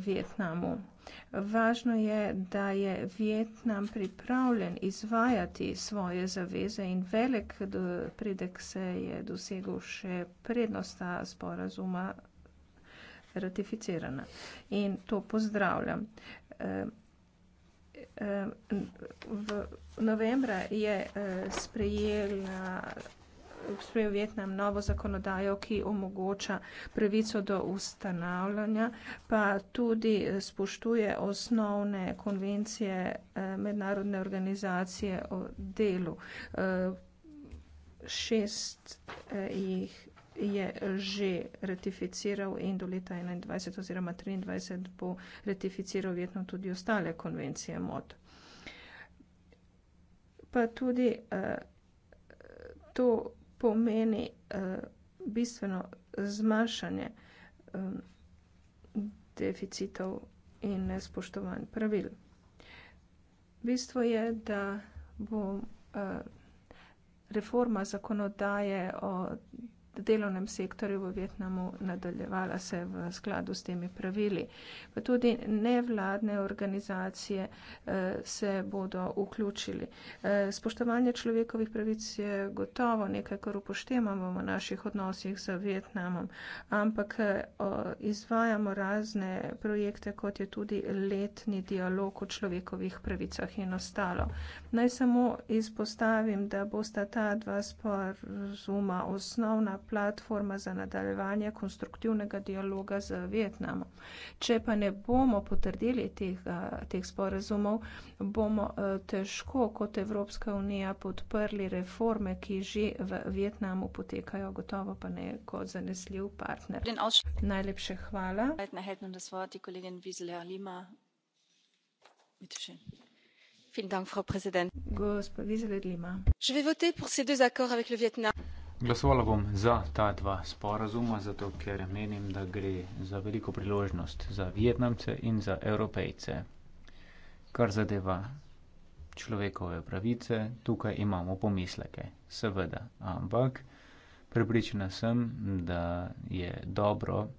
Vietnamu. Važno je, da je Vietnam pripravljen izvajati svoje zaveze in velik napredek se je dosegel še prednosta sporazuma ratificirana. In to pozdravljam. E, e, v novembra je e, sprejela sprejel Vietnam novo zakonodajo, ki omogoča pravico do ustanavljanja, pa tudi eh, spoštuje osnovne konvencije eh, mednarodne organizacije o delu. Eh, šest jih je že ratificiral in do leta 21 oziroma 23 bo ratificiral vjetno tudi ostale konvencije MOD. Pa tudi uh, to pomeni uh, bistveno zmanjšanje um, deficitov in nespoštovanj pravil. Bistvo je, da bo uh, reforma zakonodaje o delovnem sektorju v Vietnamu nadaljevala se v skladu s temi pravili. Pa tudi nevladne organizacije eh, se bodo vključili. Eh, spoštovanje človekovih pravic je gotovo nekaj, kar upoštevamo v naših odnosih z Vietnamom, ampak eh, izvajamo razne projekte, kot je tudi letni dialog o človekovih pravicah in ostalo. Naj samo izpostavim, da bosta ta dva sporazuma osnovna platforma za nadaljevanje konstruktivnega dialoga z Vietnamom. Če pa ne bomo potrdili teh, teh sporazumov, bomo težko kot Evropska unija podprli reforme, ki že v Vietnamu potekajo, gotovo pa ne kot zanesljiv partner. Najlepše hvala. Gospod Vizeler Lima. Je vais voter pour ces deux accords avec le Vietnam. Glasovala bom za ta dva sporazuma, zato ker menim, da gre za veliko priložnost za Vietnamce in za Evropejce. Kar zadeva človekove pravice, tukaj imamo pomisleke, seveda, ampak prepričana sem, da je dobro,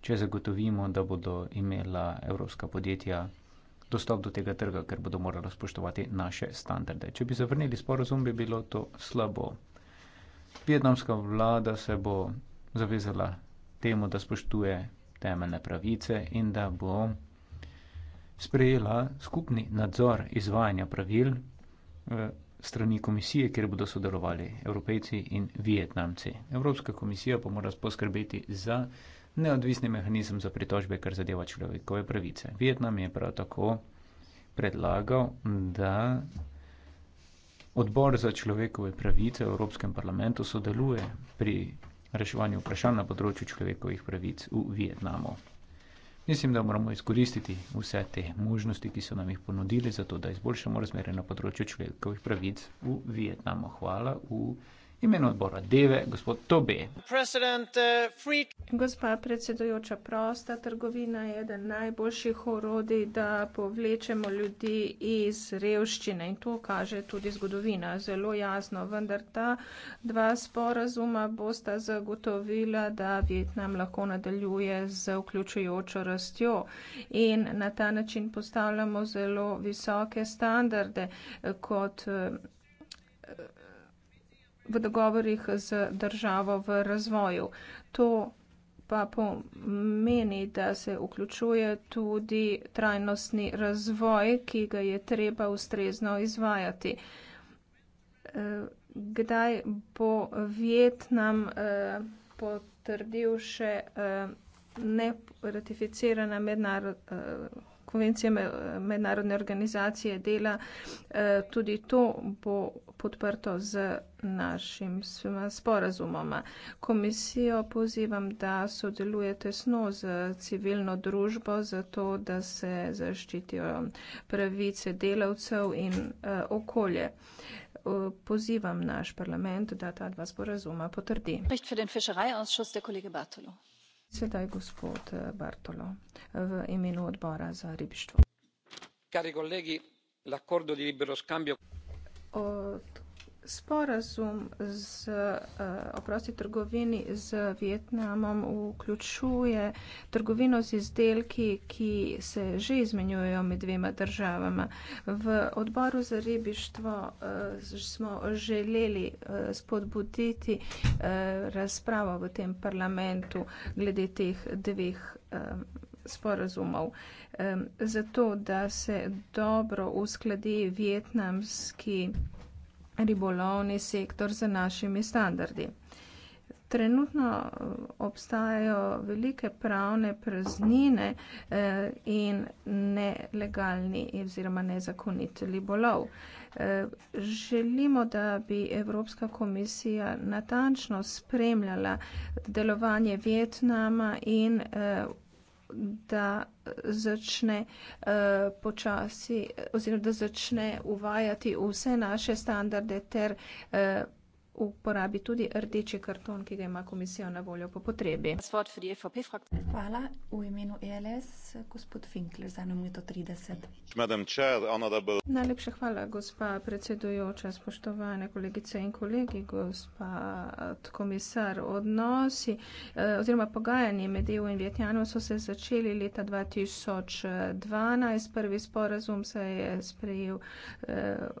če zagotovimo, da bodo imela evropska podjetja dostop do tega trga, ker bodo morala spoštovati naše standarde. Če bi zavrnili sporazum, bi bilo to slabo vietnamska vlada se bo zavezala temu, da spoštuje temeljne pravice in da bo sprejela skupni nadzor izvajanja pravil eh, strani komisije, kjer bodo sodelovali evropejci in vietnamci. Evropska komisija pa mora poskrbeti za neodvisni mehanizem za pritožbe, kar zadeva človekove pravice. Vietnam je prav tako predlagal, da Odbor za človekove pravice v Evropskem parlamentu sodeluje pri reševanju vprašanj na področju človekovih pravic v Vietnamu. Mislim, da moramo izkoristiti vse te možnosti, ki so nam jih ponudili, zato da izboljšamo razmere na področju človekovih pravic v Vietnamu. Hvala. V imenu odbora Deve, gospod Tobe. Uh, Gospa predsedujoča, prosta trgovina je eden najboljših orodij, da povlečemo ljudi iz revščine in to kaže tudi zgodovina zelo jasno, vendar ta dva sporazuma bosta zagotovila, da Vietnam lahko nadaljuje z vključujočo rastjo in na ta način postavljamo zelo visoke standarde kot. Uh, v dogovorih z državo v razvoju. To pa pomeni, da se vključuje tudi trajnostni razvoj, ki ga je treba ustrezno izvajati. Eh, kdaj bo Vietnam eh, potrdil še eh, neratificirana mednarodna konvencije mednarodne organizacije dela. Eh, tudi to bo podprto z našim sporazumom. Komisijo pozivam, da sodeluje tesno z civilno družbo, zato da se zaščitijo pravice delavcev in eh, okolje. Eh, pozivam naš parlament, da ta dva sporazuma potrdi. Pričt za fiskalni odbor, kolega Bartolo. Sedaj gospod eh, Bartolo v imenu odbora za ribištvo. Cari colleghi, l'accordo di libero scambio. Od sporazum z, eh, oprosti, trgovini z Vietnamom vključuje trgovino z izdelki, ki se že izmenjujejo med dvema državama. V odboru za ribištvo eh, smo želeli eh, spodbuditi razpravo v tem parlamentu glede teh dveh sporazumov. Zato, da se dobro uskladi vietnamski ribolovni sektor z našimi standardi. Trenutno eh, obstajajo velike pravne praznine eh, in nelegalni oziroma nezakonit ribolov. Eh, želimo, da bi Evropska komisija natančno spremljala delovanje Vietnama in da začne uh, počasi oziroma da začne uvajati vse naše standarde ter uh, uporabi tudi rdeči karton, ki ga ima komisija na voljo po potrebi. Hvala. V imenu ELS, gospod Finkler, za eno minuto 30. Chair, honorable... Najlepša hvala, gospa predsedujoča, spoštovane kolegice in kolegi, gospa eh, komisar. Odnosi eh, oziroma pogajanje med EU in Vjetnjanom so se začeli leta 2012. Eh, Prvi sporazum se je sprejel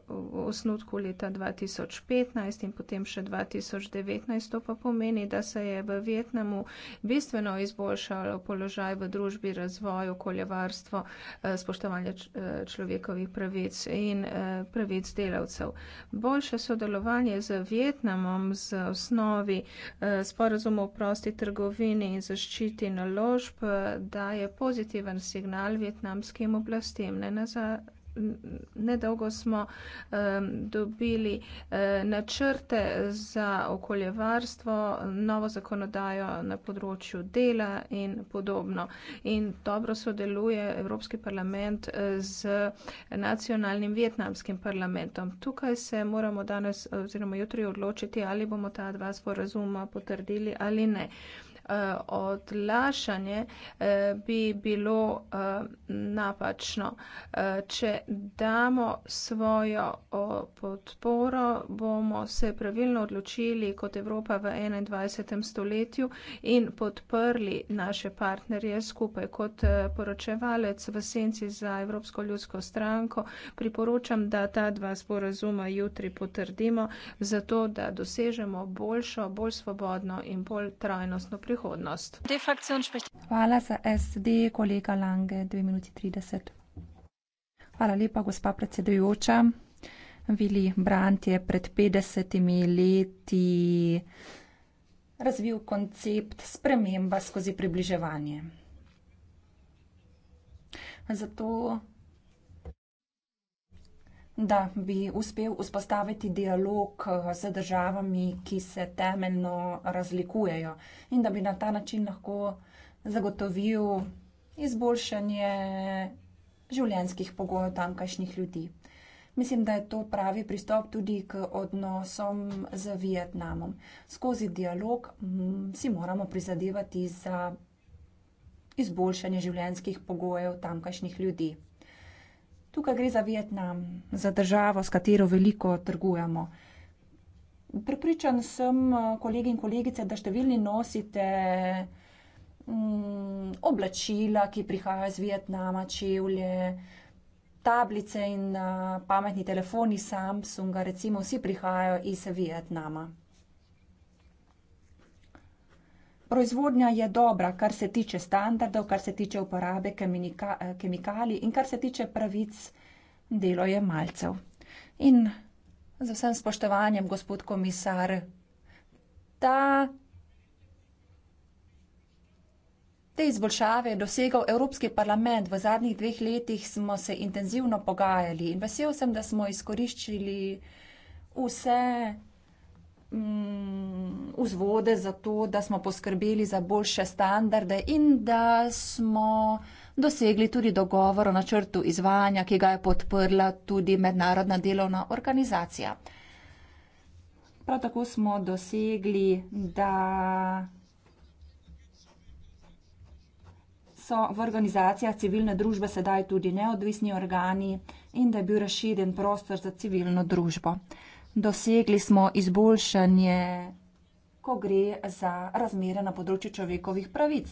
v osnutku leta 2015 in potem še 2019. To pa pomeni, da se je v Vietnamu bistveno izboljšalo položaj v družbi, razvoj, okoljevarstvo, eh, spoštovanje eh, človekovih pravic in eh, pravic delavcev. Boljše sodelovanje z Vietnamom z osnovi sporazumov o prosti trgovini in zaščiti naložb daje pozitiven signal vietnamskim oblastem. Ne nazaj nedolgo smo um, dobili uh, načrte za okoljevarstvo, novo zakonodajo na področju dela in podobno. In dobro sodeluje Evropski parlament eh, z nacionalnim vietnamskim parlamentom. Tukaj se moramo danes oziroma jutri odločiti, ali bomo ta dva sporazuma potrdili ali ne. Uh, Eh, odlašanje eh, bi bilo eh, napačno. Če damo svojo podporo, bomo se pravilno odločili kot Evropa v 21. stoletju in podprli naše partnerje skupaj. Kot poročevalec v senci za Evropsko ljudsko stranko priporočam, da ta dva sporazuma jutri potrdimo, zato da dosežemo boljšo, bolj svobodno in bolj trajnostno prihodnost prihodnost. Hvala za SD, kolega Lange, 2 minuti 30. Hvala lepa, gospa predsedujoča. Vili Brant je pred 50 leti razvil koncept sprememba skozi približevanje. Zato da bi uspel vzpostaviti dialog eh, z državami, ki se temeljno razlikujejo in da bi na ta način lahko zagotovil izboljšanje življenskih pogojev tamkajšnjih ljudi. Mislim, da je to pravi pristop tudi k odnosom z Vietnamom. Skozi dialog mm, si moramo prizadevati za izboljšanje življenskih pogojev tamkajšnjih ljudi. Tukaj gre za Vietnam, za državo, s katero veliko trgujemo. Pripričan sem, eh, kolegi in kolegice, da številni nosite mm, oblačila, ki prihajajo iz Vietnama, čevlje, tablice in eh, pametni telefoni Samsunga, recimo vsi prihajajo iz Vietnama. Proizvodnja je dobra, kar se tiče standardov, kar se tiče uporabe kemikalij in kar se tiče pravic delojemalcev. In z vsem spoštovanjem, gospod komisar, ta Te izboljšave je dosegal Evropski parlament. V zadnjih dveh letih smo se intenzivno pogajali in vesel sem, da smo izkoriščili vse mm, vzvode za to, da smo poskrbeli za boljše standarde in da smo dosegli tudi dogovor o načrtu izvajanja, ki ga je podprla tudi mednarodna delovna organizacija. Prav tako smo dosegli, da so v organizacijah civilne družbe sedaj tudi neodvisni organi in da je bil razširjen prostor za civilno družbo. Dosegli smo izboljšanje ko gre za razmere na področju človekovih pravic.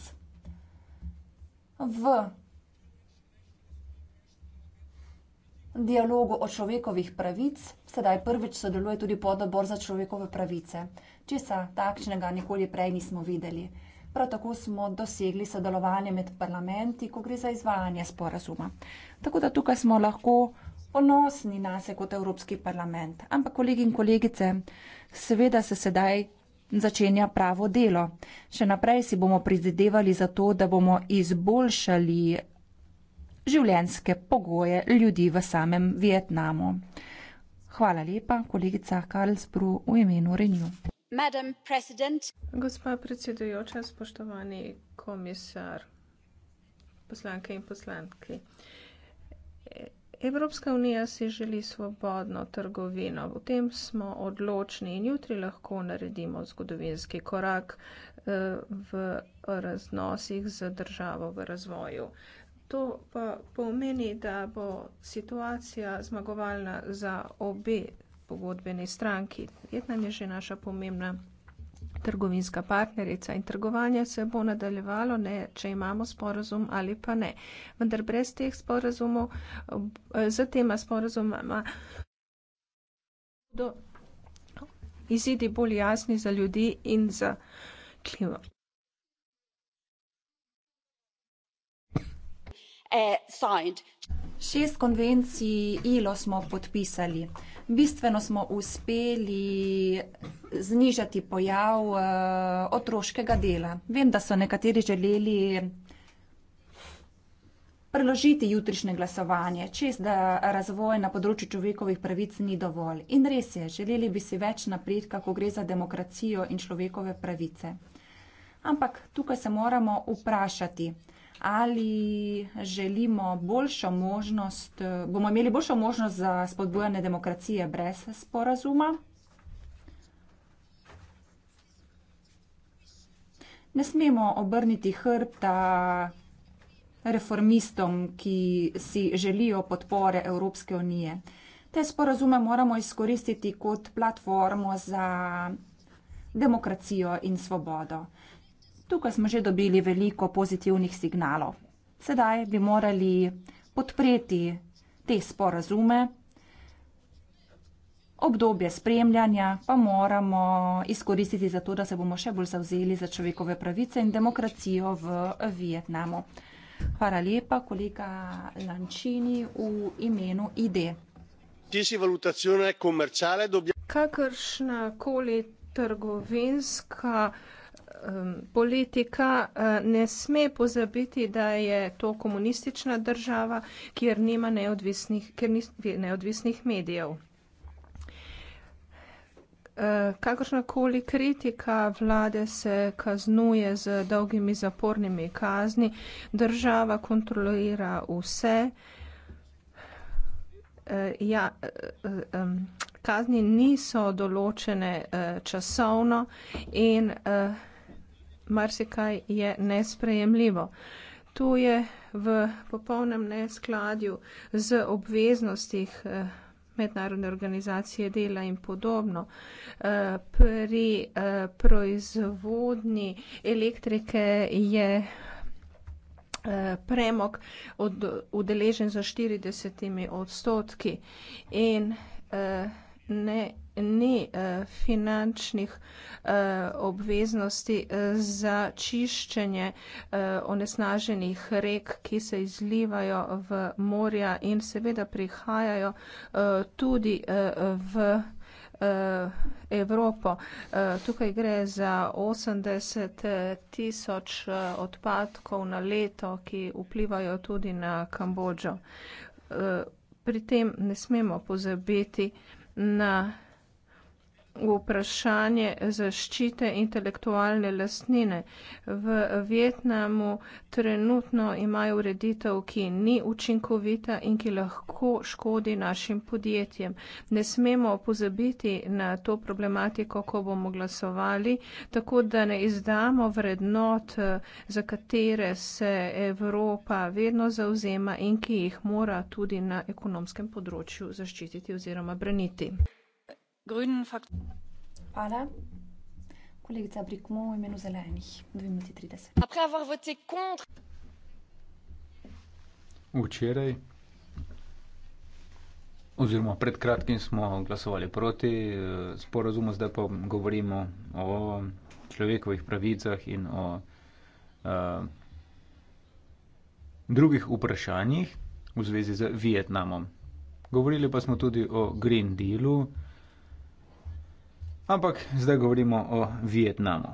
V dialogu o človekovih pravic sedaj prvič sodeluje tudi pododbor za človekove pravice. Česa takšnega nikoli prej nismo videli. Prav tako smo dosegli sodelovanje med parlamenti, ko gre za izvajanje sporazuma. Tako da tukaj smo lahko ponosni na se kot Evropski parlament. Ampak kolegi in kolegice, seveda se sedaj in začenja pravo delo. Še naprej si bomo prizadevali za to, da bomo izboljšali življenske pogoje ljudi v samem Vietnamu. Hvala lepa, kolegica Karlsbru v imenu Renju. Gospa predsedujoča, spoštovani komisar, poslanke in poslanki. Evropska unija si želi svobodno trgovino. V tem smo odločni in jutri lahko naredimo zgodovinski korak eh, v raznosih z državo v razvoju. To pa pomeni, da bo situacija zmagovalna za obe pogodbeni stranki. Vietnam je že naša pomembna trgovinska partnerica in trgovanje se bo nadaljevalo, ne, če imamo sporazum ali pa ne. Vendar brez teh sporazumov, z tema sporazumama, bodo izidi bolj jasni za ljudi in za klimo. Uh, Šest konvencij ILO smo podpisali bistveno smo uspeli znižati pojav eh, otroškega dela. Vem, da so nekateri želeli preložiti jutrišnje glasovanje, čez da razvoj na področju človekovih pravic ni dovolj. In res je, želeli bi si več napredka, ko gre za demokracijo in človekove pravice. Ampak tukaj se moramo vprašati, ali želimo boljšo možnost, bomo imeli boljšo možnost za spodbujanje demokracije brez sporazuma. Ne smemo obrniti hrta reformistom, ki si želijo podpore Evropske unije. Te sporazume moramo izkoristiti kot platformo za demokracijo in svobodo. Tukaj smo že dobili veliko pozitivnih signalov. Sedaj bi morali podpreti te sporazume. Obdobje spremljanja pa moramo izkoristiti za to, da se bomo še bolj zavzeli za človekove pravice in demokracijo v Vietnamu. Hvala lepa, kolega Lančini, v imenu ID. Kakršna koli trgovinska um, politika uh, ne sme pozabiti, da je to komunistična država, kjer nima neodvisnih, kjer ni, neodvisnih medijev. Eh, kakršnakoli kritika vlade se kaznuje z dolgimi zapornimi kazni, država kontrolira vse. Eh, ja, kazni niso določene časovno in marsikaj je nesprejemljivo. To je v popolnem neskladju z obveznostih eh, mednarodne organizacije dela in podobno. Eh, pri eh, proizvodni elektrike je premog od, udeležen za 40 odstotki in ne ni eh, finančnih eh, obveznosti eh, za čiščenje eh, onesnaženih rek, ki se izlivajo v morja in seveda prihajajo eh, tudi eh, v. Eh, Evropo. Eh, tukaj gre za 80 tisoč odpadkov na leto, ki vplivajo tudi na Kambodžo. Pri tem ne smemo pozabiti na vprašanje zaščite intelektualne lastnine. V Vietnamu trenutno imajo ureditev, ki ni učinkovita in ki lahko škodi našim podjetjem. Ne smemo pozabiti na to problematiko, ko bomo glasovali, tako da ne izdamo vrednot, za katere se Evropa vedno zauzema in ki jih mora tudi na ekonomskem področju zaščititi oziroma braniti. Včeraj oziroma pred kratkim smo glasovali proti eh, sporazumu, zdaj pa govorimo o človekovih pravicah in o eh, drugih vprašanjih v zvezi z Vietnamom. Govorili pa smo tudi o green dealu. Ampak zdaj govorimo o Vietnamu.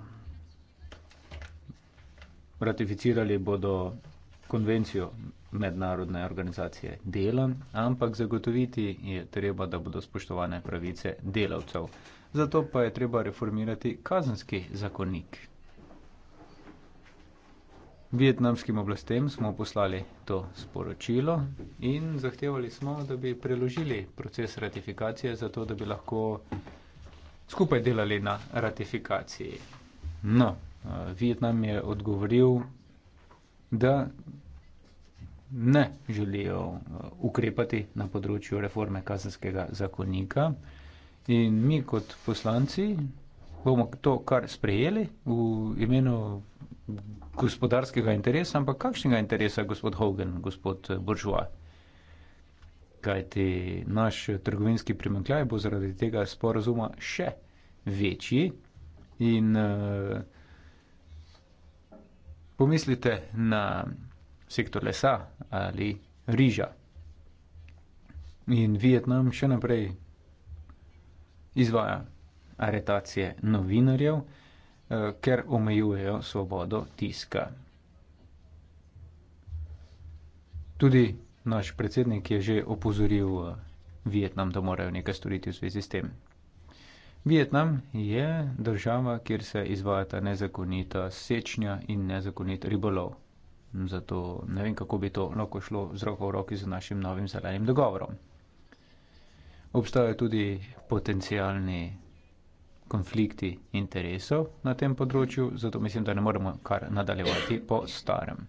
Ratificirali bodo konvencijo mednarodne organizacije dela, ampak zagotoviti je treba, da bodo spoštovane pravice delavcev. Zato pa je treba reformirati kazenski zakonik. Vietnamskim oblastem smo poslali to sporočilo in zahtevali smo, da bi preložili proces ratifikacije, zato da bi lahko skupaj delali na ratifikaciji. No, eh, Vietnam je odgovoril, da ne želijo eh, ukrepati na področju reforme kazenskega zakonika in mi kot poslanci bomo to kar sprejeli v imenu gospodarskega interesa, ampak kakšnega interesa, gospod Hogan, gospod eh, Buržua? kajti naš trgovinski primankljaj bo zaradi tega sporazuma še večji. In uh, pomislite na sektor lesa ali riža. In Vietnam še naprej izvaja aretacije novinarjev, uh, ker omejujejo svobodo tiska. Tudi naš predsednik je že opozoril eh, Vietnam, da morajo nekaj storiti v zvezi s tem. Vietnam je država, kjer se izvajata nezakonita sečnja in nezakonit ribolov. Zato ne vem, kako bi to lahko šlo z roko v roki z našim novim zelenim dogovorom. Obstajajo tudi potencijalni konflikti interesov na tem področju, zato mislim, da ne moremo kar nadaljevati po starem.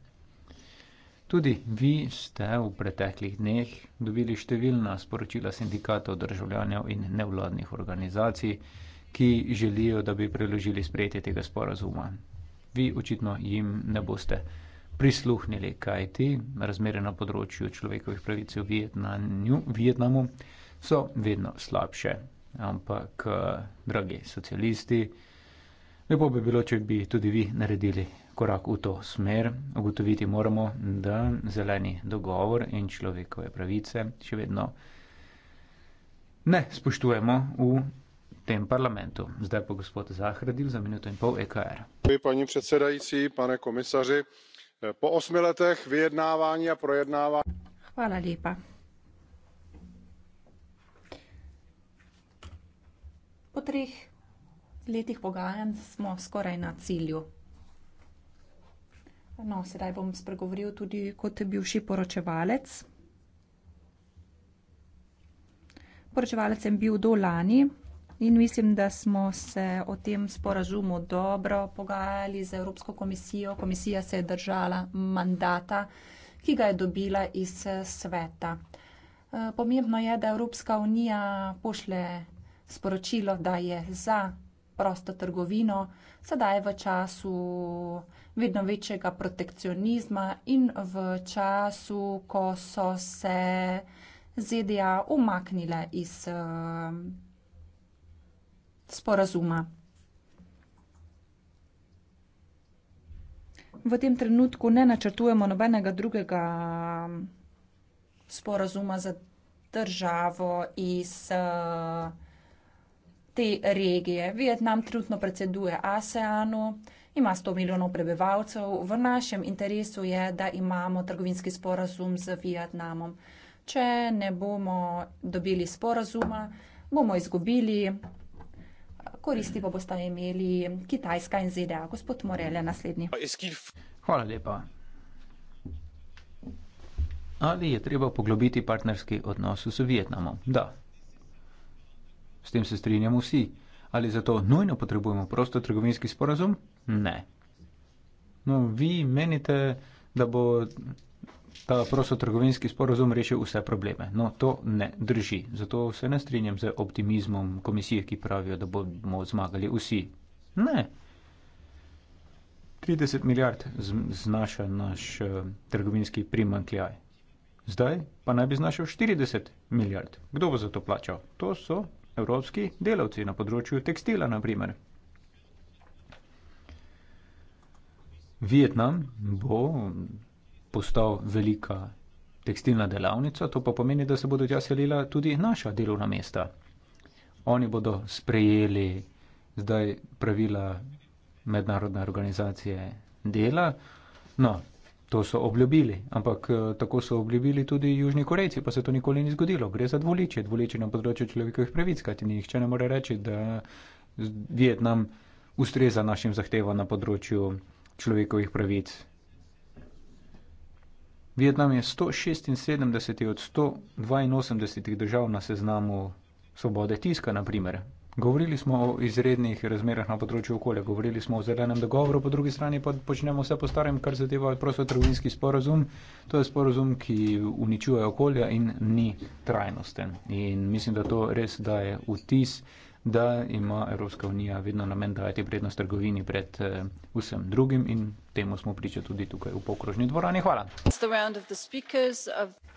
Tudi vi ste v preteklih dneh dobili številna sporočila sindikatov državljanjev in nevladnih organizacij, ki želijo, da bi preložili sprejetje tega sporazuma. Vi očitno jim ne boste prisluhnili, kaj ti razmere na področju človekovih pravic v Vietnamu so vedno slabše. Ampak, eh, dragi socialisti, lepo bi bilo, če bi tudi vi naredili korak v to smer. Ugotoviti moramo, da zeleni dogovor in človekove pravice še vedno ne spoštujemo v tem parlamentu. Zdaj pa gospod Zahradil za minuto in pol EKR. Pani predsedajci, pane komisaři, po osmi letech vyjednávání a projednávání. Hvala lepa. Po treh letih pogajanj smo skoraj na cilju. No, sedaj bom spregovoril tudi kot bivši poročevalec. Poročevalec sem bil do lani in mislim, da smo se o tem sporazumu dobro pogajali z Evropsko komisijo. Komisija se je držala mandata, ki ga je dobila iz sveta. Pomembno je, da Evropska unija pošle sporočilo, da je za prosto trgovino. Sedaj je v času vedno večjega protekcionizma in v času, ko so se ZDA umaknile iz uh, sporazuma. V tem trenutku ne načrtujemo nobenega drugega sporazuma za državo iz uh, te regije. Vietnam trenutno predseduje ASEANu ima 100 milijonov prebivalcev. V našem interesu je, da imamo trgovinski sporazum z Vietnamom. Če ne bomo dobili sporazuma, bomo izgubili, koristi pa bosta imeli Kitajska in ZDA. Gospod Morele, naslednji. Hvala lepa. Ali je treba poglobiti partnerski odnos z Vietnamom? Da. S tem se strinjamo vsi. Ali zato nujno potrebujemo prosto trgovinski sporazum? Ne. No, vi menite, da bo ta prostotrgovinski sporozum rešil vse probleme. No, to ne drži. Zato se ne strinjam z optimizmom komisije, ki pravijo, da bomo zmagali vsi. Ne. 30 milijard znaša naš uh, trgovinski primankljaj. Zdaj pa naj bi znašal 40 milijard. Kdo bo za to plačal? To so evropski delavci na področju tekstila, naprimer. Vietnam bo postal velika tekstilna delavnica, to pa pomeni, da se bodo tja selila tudi naša delovna mesta. Oni bodo sprejeli zdaj pravila mednarodne organizacije dela. No, to so obljubili, ampak eh, tako so obljubili tudi južni korejci, pa se to nikoli ni zgodilo. Gre za dvoličje, dvoličje na področju človekovih pravic, kajti nihče ne more reči, da Vietnam ustreza našim zahtevam na področju človekovih pravic. Vietnam je 176 od 182 držav na seznamu svobode tiska, naprimer. Govorili smo o izrednih razmerah na področju okolja, govorili smo o zelenem dogovoru, po drugi strani pa počnemo vse po starem, kar zadeva prostotrovinski sporozum. To je sporozum, ki uničuje okolja in ni trajnosten. In mislim, da to res daje vtis, da ima Evropska unija vedno namen dajati prednost trgovini pred eh, vsem drugim in temu smo priča tudi tukaj v pokrožni dvorani. Hvala.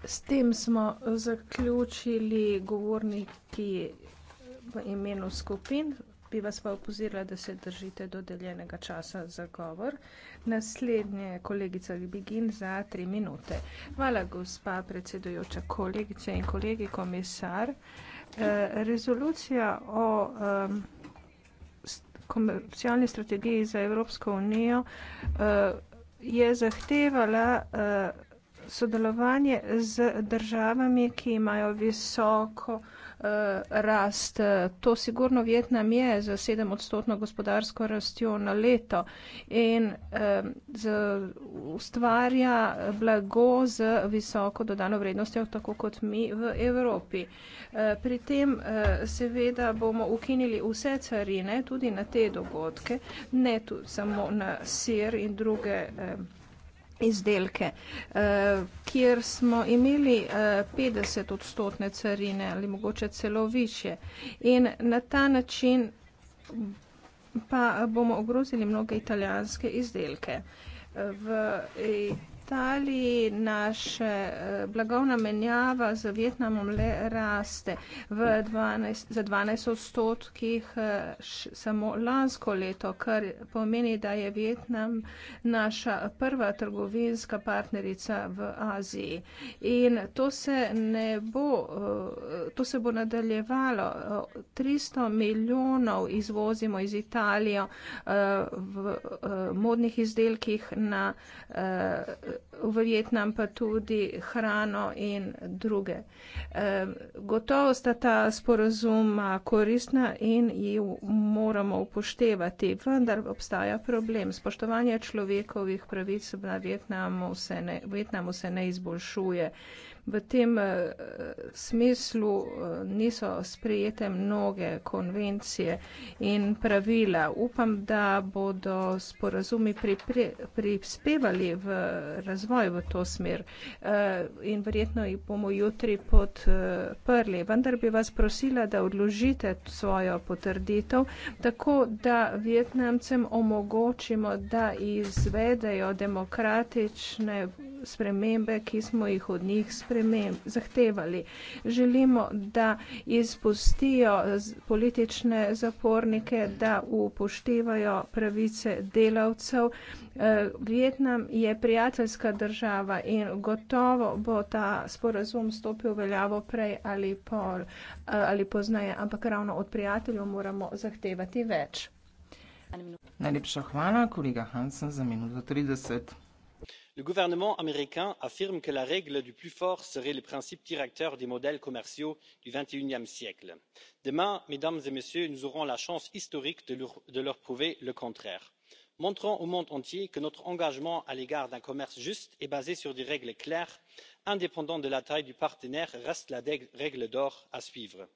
S tem smo zaključili govorniki v imenu skupin. Bi vas pa opozirala, da se držite dodeljenega časa za govor. Naslednje je kolegica Libigin za tri minute. Hvala, gospa predsedujoča, kolegice in kolegi, komisar. Uh, Eh, Rezolucija o komercialni strategiji za Evropsko unijo eh, je zahtevala eh, sodelovanje z državami, ki imajo visoko Eh, rast. To sigurno Vietnam je z 7 odstotno gospodarsko rastjo na leto in uh, z, ustvarja blago z visoko dodano vrednostjo, tako kot mi v Evropi. Uh, pri tem uh, seveda bomo ukinili vse carine, tudi na te dogodke, ne tu samo na sir in druge. Uh, izdelke, eh, kjer smo imeli 50 eh, odstotne carine ali mogoče celo više. In na ta način pa bomo ogrozili mnoge italijanske izdelke. V Italiji naša eh, blagovna menjava z Vietnamom le raste 12, za 12 odstotkih eh, samo lansko leto, kar pomeni, da je Vietnam naša prva trgovinska partnerica v Aziji. In to se, ne bo, eh, to se bo nadaljevalo. 300 milijonov izvozimo iz Italije v modnih izdelkih na v Vietnam pa tudi hrano in druge. Gotovo sta ta sporozuma koristna in ji moramo upoštevati, vendar obstaja problem. Spoštovanje človekovih pravic v Vietnamu se ne, Vietnamu se ne izboljšuje v tem eh, smislu eh, niso sprejete mnoge konvencije in pravila. Upam, da bodo sporazumi prispevali v razvoj v to smer eh, in verjetno jih bomo jutri podprli. Vendar bi vas prosila, da odložite svojo potrditev, tako da Vietnamcem omogočimo, da izvedejo demokratične spremembe, ki smo jih od njih sprejeli sprememb zahtevali. Želimo, da izpustijo politične zapornike, da upoštevajo pravice delavcev. Eh, Vietnam je prijateljska država in gotovo bo ta sporazum stopil veljavo prej ali, po, eh, ali poznaje, ampak ravno od prijateljev moramo zahtevati več. Najlepša hvala, kolega Hansen, za minuto 30 le gouvernement américain affirme que la règle du plus fort serait le principe directeur des modèles commerciaux du xxi e siècle. demain mesdames et messieurs nous aurons la chance historique de leur prouver le contraire. montrons au monde entier que notre engagement à l'égard d'un commerce juste et basé sur des règles claires indépendant de la taille du partenaire reste la règle d'or à suivre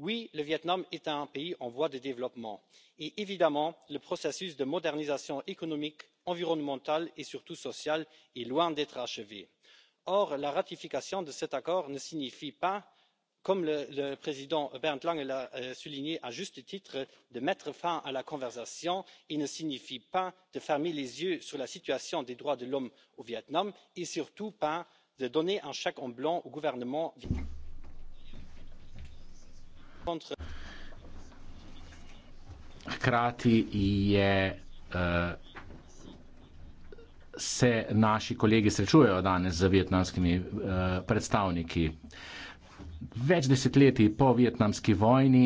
oui le viêt nam est un pays en voie de développement et évidemment le processus de modernisation économique environnementale et surtout sociale est loin d'être achevé. or la ratification de cet accord ne signifie pas comme le président bernd lange l'a euh, souligné à juste titre de mettre fin à la conversation et ne signifie pas de fermer les yeux sur la situation des droits de l'homme au viêt nam et surtout pas de donner un chèque en blanc au gouvernement vietnamien. Hkrati je, eh, se naši kolegi srečujejo danes z vietnamskimi eh, predstavniki. Več desetletij po vietnamski vojni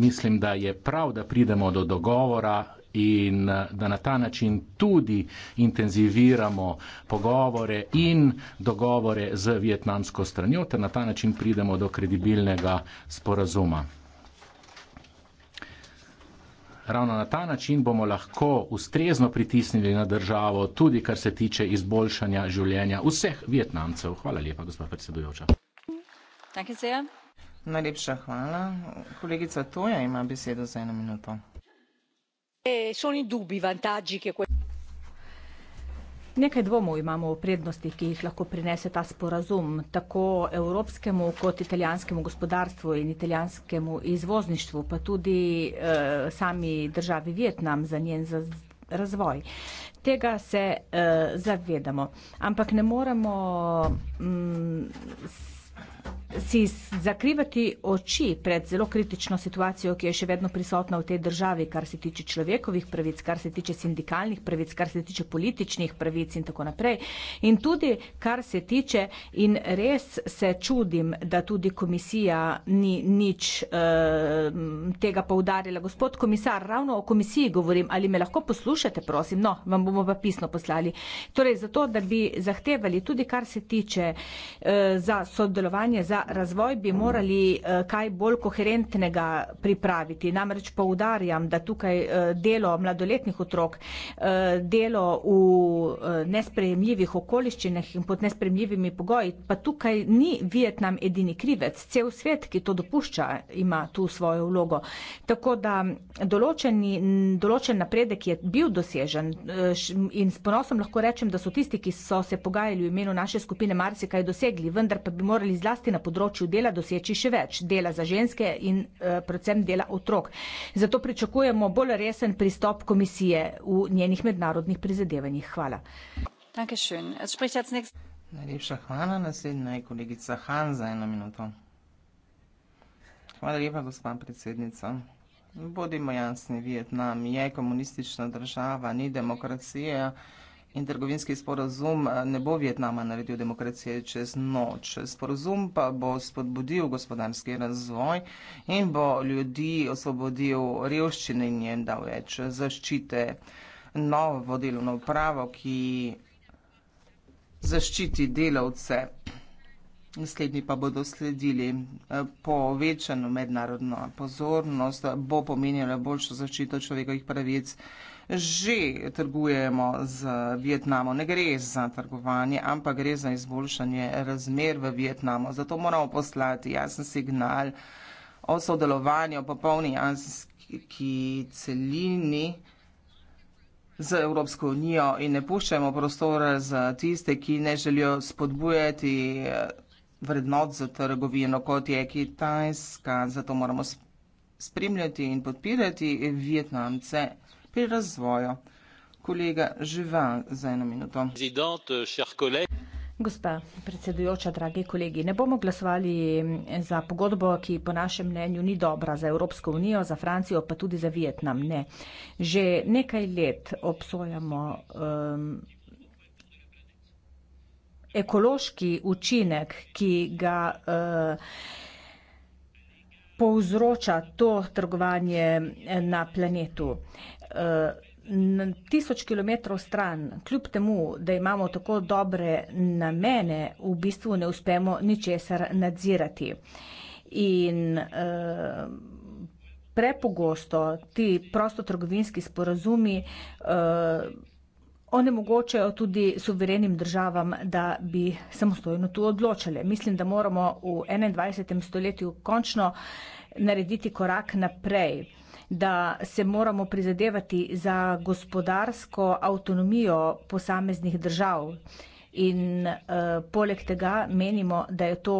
mislim, da je prav, da pridemo do dogovora in eh, da na ta način tudi intenziviramo pogovore in dogovore z vietnamsko stranjo, ter na ta način pridemo do kredibilnega sporazuma. Ravno na ta način bomo lahko ustrezno pritisnili na državo, tudi kar se tiče izboljšanja življenja vseh vietnamcev. Hvala lepa, gospa predsedujoča. Najlepša hvala. Kolegica Toja ima besedo za eno minuto. E sono indubbi i vantaggi che questo. Nekaj dvomov imamo o prednostih, ki jih lahko prinese ta sporazum tako evropskemu kot italijanskemu gospodarstvu in italijanskemu izvozništvu, pa tudi e, sami državi Vietnam za njen razvoj. Tega se e, zavedamo, ampak ne moremo. Mm, si zakrivati oči pred zelo kritično situacijo, ki je še vedno prisotna v tej državi, kar se tiče človekovih pravic, kar se tiče sindikalnih pravic, kar se tiče političnih pravic in tako naprej. In tudi, kar se tiče, in res se čudim, da tudi komisija ni nič uh, tega poudarila. Gospod komisar, ravno o komisiji govorim, ali me lahko poslušate, prosim? No, vam bomo pa pisno poslali. Torej, zato, da bi zahtevali tudi, kar se tiče uh, za sodelovanje, za razvoj bi morali eh, kaj bolj koherentnega pripraviti. Namreč poudarjam, da tukaj eh, delo mladoletnih otrok, eh, delo v nespremljivih okoliščinah in pod nespremljivimi pogoji, pa tukaj ni Vietnam edini krivec. Cel svet, ki to dopušča, ima tu svojo vlogo. Tako da določeni, določen napredek je bil dosežen in s ponosom lahko rečem, da so tisti, ki so se pogajali v imenu naše skupine, marsikaj dosegli, vendar pa bi morali zlasti na področju področju dela doseči še več, dela za ženske in eh, predvsem dela otrok. Zato pričakujemo bolj resen pristop komisije v njenih mednarodnih prizadevanjih. Hvala. Najlepša hvala, naslednja je kolegica Han za eno minuto. Hvala lepa, gospa predsednica. Bodimo jasni, Vietnam je komunistična država, ni demokracija. In trgovinski sporozum eh, ne bo Vietnama naredil demokracije čez noč. Sporozum pa bo spodbudil gospodarski razvoj in bo ljudi osvobodil revščine in jim dal več zaščite. Novo delovno pravo, ki zaščiti delavce. Slednji pa bodo sledili eh, povečano mednarodno pozornost, bo pomenjala boljšo zaščito človekovih pravic. Že trgujemo z Vietnamo, ne gre za trgovanje, ampak gre za izboljšanje razmer v Vietnamo. Zato moramo poslati jasen signal o sodelovanju popolni azijski celini z Evropsko unijo in ne puščajmo prostora za tiste, ki ne želijo spodbujati eh, vrednot za trgovino, kot je Kitajska. Zato moramo spremljati in podpirati Vietnamce pri razvoju. Kolega Živa, za eno minuto. Eh, Gospa predsedujoča, dragi kolegi, ne bomo glasovali mm, za pogodbo, ki po našem mnenju ni dobra za Evropsko unijo, za Francijo, pa tudi za Vietnam. Ne. Že nekaj let obsojamo. Um, ekološki učinek, ki ga eh, povzroča to trgovanje eh, na planetu. Eh, tisoč kilometrov stran, kljub temu, da imamo tako dobre namene, v bistvu ne uspemo ničesar nadzirati. In prepogosto ti prostotrgovinski sporazumi onemogočajo tudi suverenim državam, da bi samostojno tu odločale. Mislim, da moramo v 21. stoletju končno narediti korak naprej da se moramo prizadevati za gospodarsko avtonomijo posameznih držav. In uh, poleg tega menimo, da je to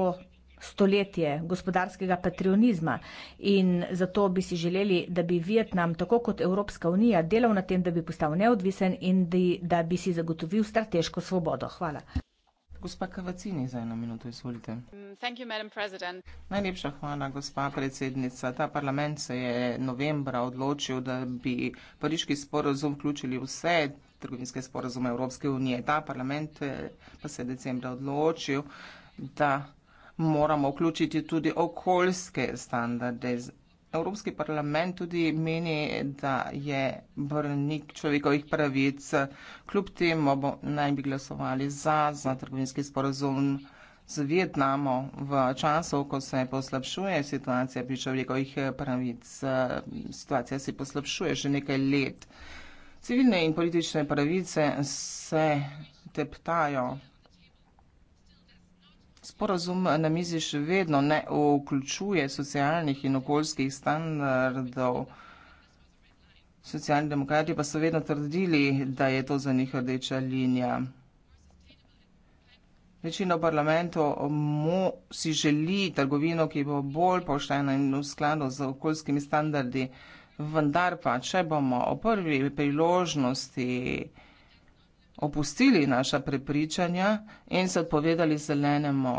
stoletje gospodarskega patrionizma in zato bi si želeli, da bi Vietnam, tako kot Evropska unija, delal na tem, da bi postal neodvisen in da, da bi si zagotovil strateško svobodo. Hvala. Gospa Kavacini, za eno minuto izvolite. Mm, you, Najlepša hvala, gospa predsednica. Ta parlament se je novembra odločil, da bi pariški sporozum vključili vse trgovinske sporozume Evropske unije. Ta parlament eh, pa se je decembra odločil, da moramo vključiti tudi okoljske standarde. Evropski parlament tudi meni, da je vrnik človekovih pravic. Kljub temu naj bi glasovali za, za trgovinski sporozum z Vietnamo v času, ko se poslabšuje situacija pri človekovih eh, pravic. Situacija se poslabšuje že nekaj let. Civilne in politične pravice se teptajo Sporazum na mizi še vedno ne vključuje socialnih in okoljskih standardov. Socialni demokrati pa so vedno trdili, da je to za njih rdeča linija. Večina v parlamentu mu si želi trgovino, ki bo bolj poštena in v skladu z okoljskimi standardi. Vendar pa, če bomo o prvi priložnosti opustili naša prepričanja in se odpovedali zelenemu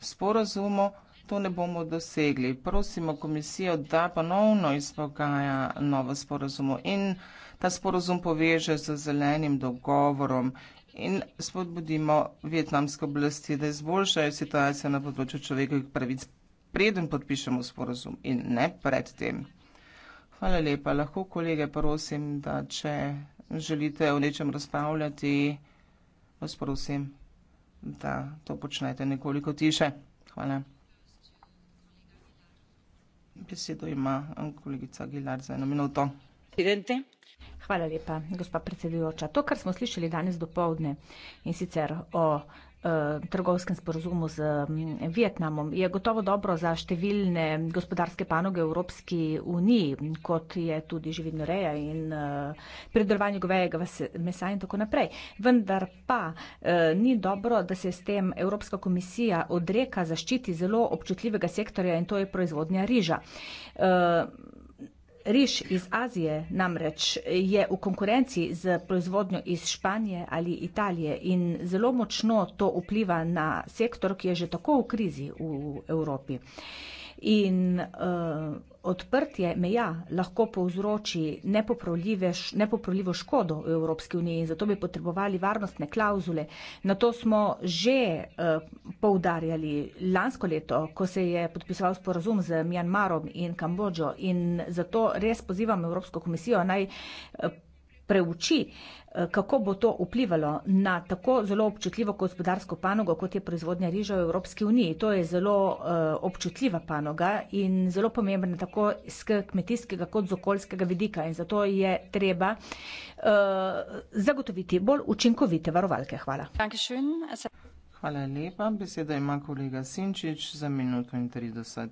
sporazumu, to ne bomo dosegli. Prosimo komisijo, da ponovno izpogaja novo sporazumo in ta sporazum poveže z zelenim dogovorom in spodbudimo vietnamske oblasti, da izboljšajo situacijo na področju človekovih pravic, preden podpišemo sporazum in ne predtem. Hvala lepa. Lahko kolege prosim, da če želite o nečem razpravljati, vas prosim, da to počnete nekoliko tiše. Hvala. Besedo ima kolegica Gilar za eno minuto. Presidente. Hvala lepa, gospa predsedujoča. To, kar smo slišali danes do povdne in sicer o Eh, trgovskem sporozumu z mm, Vietnamom. Je gotovo dobro za številne gospodarske panoge v Evropski uniji, kot je tudi živinoreja in eh, predelovanje govejega mesa in tako naprej. Vendar pa eh, ni dobro, da se s tem Evropska komisija odreka zaščiti zelo občutljivega sektorja in to je proizvodnja riža riž iz Azije namreč je v konkurenci z proizvodnjo iz Španije ali Italije in zelo močno to vpliva na sektor, ki je že tako v krizi v Evropi. In uh, odprtje meja lahko povzroči nepopravljivo škodo v Evropski uniji in zato bi potrebovali varnostne klauzule. Na to smo že uh, poudarjali lansko leto, ko se je podpisal sporazum z Mjanmarom in Kambodžo in zato res pozivam Evropsko komisijo naj uh, preuči, eh, kako bo to vplivalo na tako zelo občutljivo gospodarsko panogo, kot je proizvodnja riža v Evropski uniji. To je zelo uh, občutljiva panoga in zelo pomembna tako z kmetijskega kot z okoljskega vidika in zato je treba uh, zagotoviti bolj učinkovite varovalke. Hvala. Hvala lepa. Beseda ima kolega Sinčič za minuto in 30.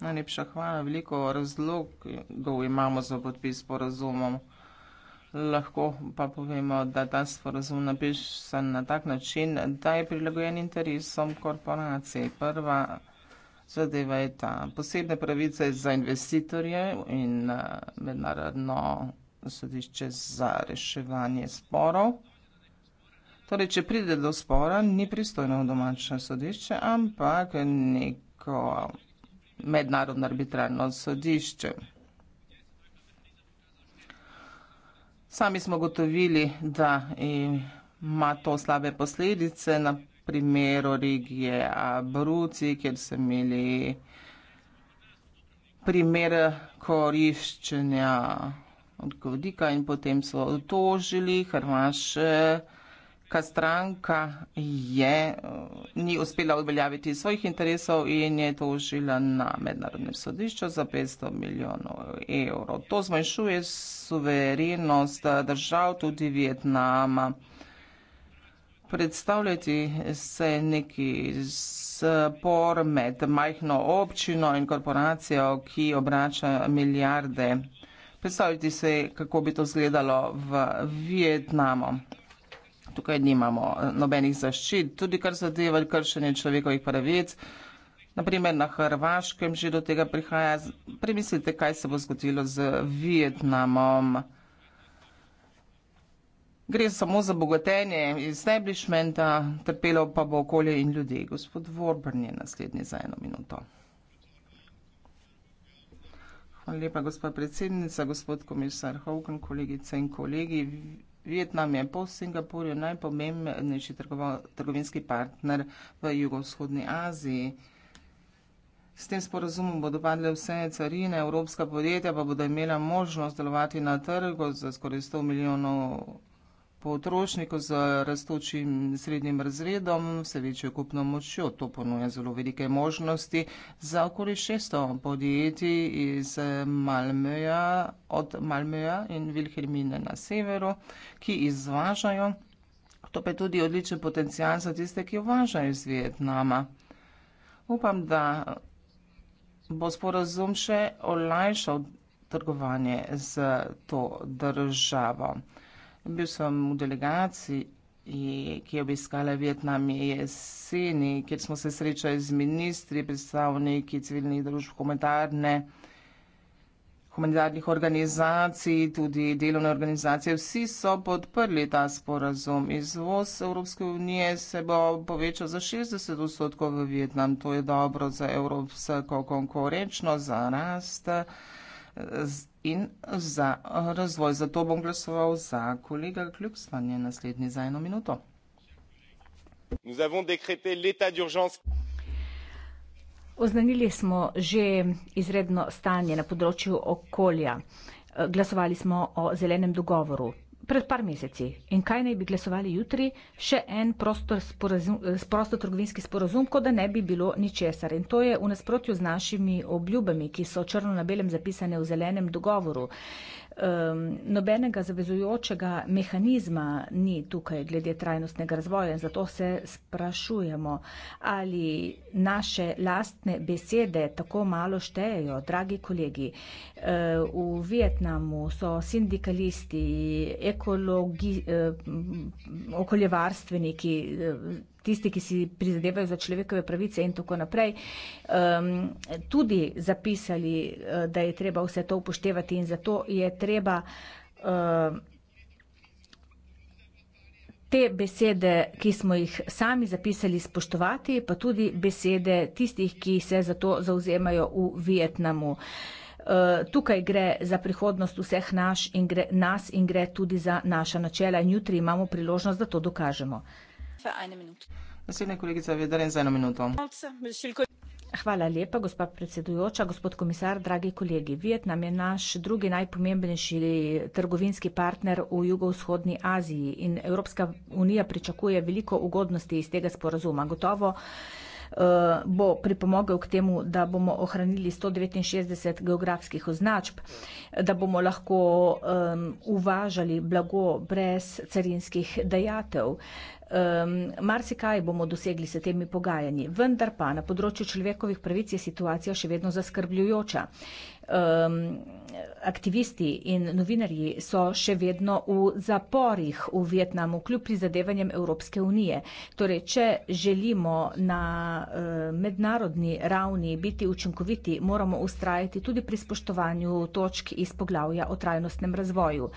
Najlepša hvala. Veliko razlogov imamo za podpis sporazumom lahko pa povemo, da ta sporazum napišen na tak način, da je prilagojen interesom korporacije. Prva zadeva je ta posebne pravice za investitorje in eh, mednarodno sodišče za reševanje sporov. Torej, če pride do spora, ni pristojno domače sodišče, ampak neko mednarodno arbitrarno sodišče. Sami smo gotovili, da ima to slabe posledice na primeru regije Abruci, kjer so imeli primer koriščenja odkovodika in potem so otožili Hrvaše. Demokratska stranka je, eh, ni uspela uveljaviti svojih interesov in je tožila na mednarodnem sodišču za 500 milijonov evrov. To zmanjšuje suverenost držav, tudi Vietnama. Predstavljati se neki spor med majhno občino in korporacijo, ki obrača milijarde. Predstavljati se, kako bi to izgledalo v Vietnamu tukaj nimamo eh, nobenih zaščit, tudi kar zadeva kršenje človekovih pravic. Naprimer na Hrvaškem že do tega prihaja. Premislite, kaj se bo zgodilo z Vietnamom. Gre samo za bogatenje establishmenta, trpelo pa bo okolje in ljudje. Gospod Vorbrn je naslednji za eno minuto. Hvala lepa, gospod predsednica, gospod komisar Hogan, kolegice in kolegi. Vietnam je po Singapurju najpomembnejši trgovinski partner v jugovzhodni Aziji. S tem sporozumom bodo padle vse carine, evropska podjetja pa bodo imela možnost delovati na trgu za skoraj 100 milijonov potrošniku z rastočim srednjim razredom vse večjo kupno močjo. To ponuja zelo velike možnosti za okoli 600 podjetij iz Malmöja, od Malmöja in Vilhelmine na severu, ki izvažajo. To pa je tudi odličen potencial za tiste, ki uvažajo iz Vietnama. Upam, da bo sporazum še olajšal trgovanje z to državo. Bil sem v delegaciji, ki je obiskala Vietnam jeseni, kjer smo se srečali z ministri, predstavniki civilnih družb, humanitarne, humanitarnih organizacij, tudi delovne organizacije. Vsi so podprli ta sporazum. Izvoz Evropske unije se bo povečal za 60 odstotkov v Vietnam. To je dobro za evropsko konkurenčnost, za rast in za razvoj. Zato bom glasoval za kolega Kljubstvan je naslednji za eno minuto. Nous avons décrété l'état d'urgence. Oznanili smo že izredno stanje na področju okolja. Glasovali smo o zelenem dogovoru pred par meseci. In kaj naj bi glasovali jutri? Še en eh, prostotrgovinski sporozum, kot da ne bi bilo ničesar. In to je v nasprotju z našimi obljubami, ki so črno na belem zapisane v zelenem dogovoru um, nobenega zavezujočega mehanizma ni tukaj glede trajnostnega razvoja in zato se sprašujemo, ali naše lastne besede tako malo štejejo. Dragi kolegi, uh, v Vietnamu so sindikalisti, ekologi, uh, okoljevarstveniki. Uh, tisti, ki si prizadevajo za človekove pravice in tako naprej, um, tudi zapisali, uh, da je treba vse to upoštevati in zato je treba uh, te besede, ki smo jih sami zapisali, spoštovati, pa tudi besede tistih, ki se za to zauzemajo v Vietnamu. Uh, tukaj gre za prihodnost vseh naš in gre, nas in gre tudi za naša načela in jutri imamo priložnost, da to dokažemo. Naslednja kolegica Vedren za eno minuto. Hvala lepa, gospod predsedujoča, gospod komisar, dragi kolegi. Vietnam je naš drugi najpomembnejši trgovinski partner v jugovzhodni Aziji in Evropska unija pričakuje veliko ugodnosti iz tega sporazuma. Gotovo eh, bo pripomogel k temu, da bomo ohranili 169 geografskih označb, da bomo lahko um, uvažali blago brez carinskih dejatev. Uh, Um, Marsikaj bomo dosegli s temi pogajanji, vendar pa na področju človekovih pravic je situacija še vedno zaskrbljujoča um, aktivisti in novinarji so še vedno v zaporih v Vietnamu, kljub prizadevanjem Evropske unije. Torej, če želimo na uh, mednarodni ravni biti učinkoviti, moramo ustrajati tudi pri spoštovanju točk iz poglavja o trajnostnem razvoju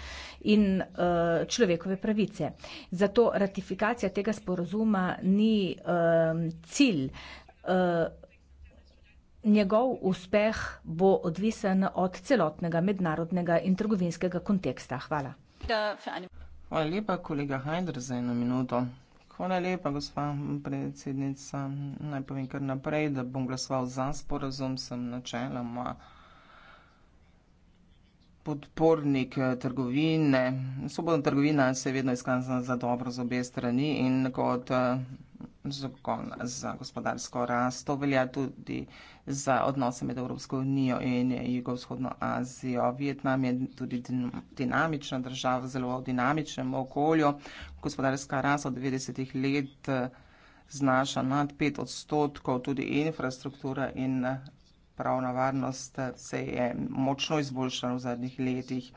in uh, človekove pravice. Zato ratifikacija tega sporozuma ni uh, cilj. Uh, njegov uspeh bo odvisen od celotnega mednarodnega in trgovinskega konteksta. Hvala. Hvala lepa, kolega Hajder, za eno minuto. Hvala lepa, gospa predsednica. Naj povem kar naprej, da bom glasoval za sporazum, sem načeloma podpornik eh, trgovine. Svoboda trgovina se je vedno izkazala za dobro z obe strani in kot eh, zakon za gospodarsko rast. To velja tudi za odnose med Evropsko unijo in jugovzhodno Azijo. Vietnam je tudi dinamična država, zelo v dinamičnem okolju. Gospodarska rast od 90-ih let znaša nad 5 odstotkov, tudi infrastruktura in pravna varnost se je močno izboljšala v zadnjih letih.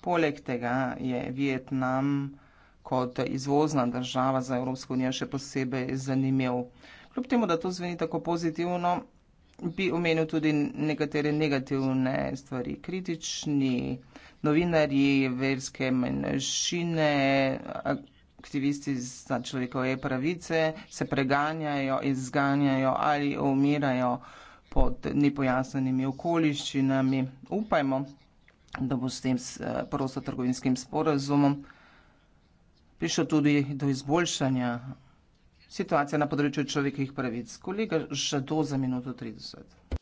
Poleg tega je Vietnam kot izvozna država za Evropsko unijo še posebej zanimiv. Kljub temu, da to zveni tako pozitivno, bi omenil tudi nekatere negativne stvari. Kritični novinarji, verske manjšine, aktivisti za človekove pravice se preganjajo, izganjajo ali umirajo pod nepojasnenimi okoliščinami. Upajmo, da bo s tem eh, prostotrgovinskim sporazumom prišlo tudi do izboljšanja situacije na področju človekovih pravic. Kolega Žado za minuto 30.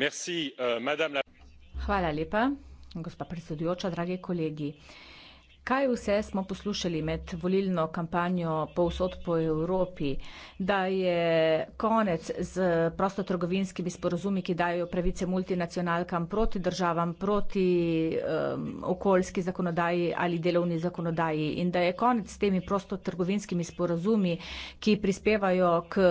Euh, Hvala lepa, gospa predsedujoča, dragi kolegi. Kaj vse smo poslušali med volilno kampanjo povsod po Evropi, da je konec z prostotrgovinskimi sporozumi, ki dajo pravice multinacionalkam proti državam, proti um, okoljski zakonodaji ali delovni zakonodaji in da je konec s temi prostotrgovinskimi sporozumi, ki prispevajo k